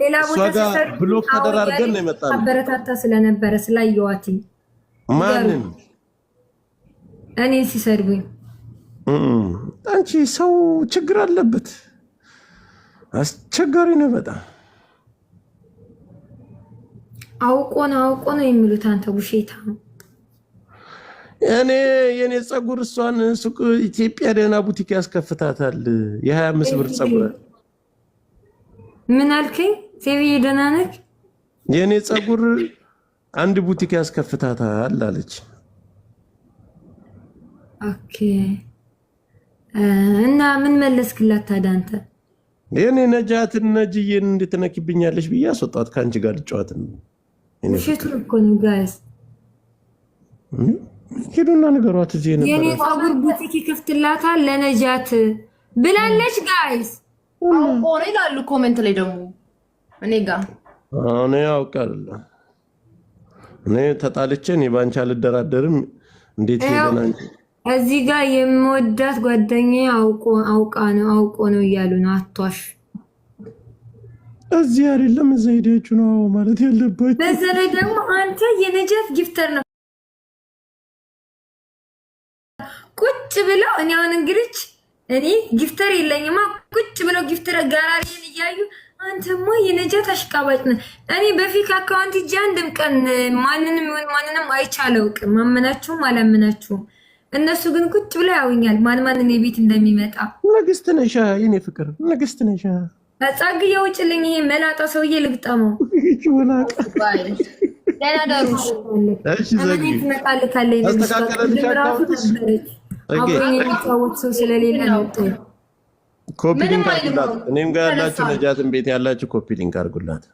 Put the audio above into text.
ሌላ ቦታ ብሎክ ተደራርገን ነው አበረታታ ስለነበረ ስላየዋትኝ ማንን አንቺ ሰው ችግር አለበት። አስቸጋሪ ነው በጣም አውቆ ነው አውቆ ነው የሚሉት። አንተ ውሸታ እኔ የኔ ፀጉር እሷን ሱቅ ኢትዮጵያ ደህና ቡቲክ ያስከፍታታል። የሀያ አምስት ብር ፀጉር ምን አልከኝ? ሴብዬ ደህና ነህ? የእኔ ጸጉር አንድ ቡቲክ ያስከፍታታል አለች። ኦኬ እና ምን መለስክላት ታዲያ አንተ? የእኔ ነጃትን ነጅዬን እንድትነኪብኛለች ብዬ አስወጣት። ከአንቺ ጋር ልጨዋት ነው። ውሸቱን እኮ ነው ጋይስ ሄዱና ነገሯት። እዚህ ነበር የኔ ጸጉር ቡቲክ ይከፍትላታል ለነጃት ብላለች ጋይስ ቆሬ ይላሉ ኮሜንት ላይ ደግሞ እኔ ጋ እኔ ያውቃል እኔ ተጣልቼ እኔ ባንቺ አልደራደርም። እንዴት ይገናኝ? እዚህ ጋር የምወዳት ጓደኛዬ አውቆ አውቃ ነው አውቆ ነው እያሉ ነው። አቷሽ እዚህ አይደለም እዛ ሄዳችሁ ነው ማለት ያለባችሁ። በዛ ላይ ደግሞ አንተ የነጃት ጊፍተር ነው ቁጭ ብለው እኔ አሁን እንግዲህ እኔ ጊፍተር የለኝማ። ቁጭ ብለው ጊፍተር ጋራሪን እያዩ አንተማ የነጃት አሽቃባጭ ነ እኔ በፊት አካውንት እጅ አንድም ቀን ማንንም ይሁን ማንንም አይቻለው ቅም ማመናችሁም አላመናችሁም። እነሱ ግን ቁጭ ብለው ያውኛል፣ ማን ማን እኔ ቤት እንደሚመጣ። ንግስት ነሽ የኔ ፍቅር፣ ንግስት ነሽ። ጸግ የውጭልኝ ይሄ መላጣ ሰውዬ ልግጠመው። ደህና ይመስላል እሺ ነበረች አብሮኝ የሚጫወት ሰው ስለሌለ ነው። ኮፒ ሊንክ አድርጉላት። እኔም ጋር ያላችሁ ነጃትን ቤት ያላችሁ ኮፒ ሊንክ አድርጉላት።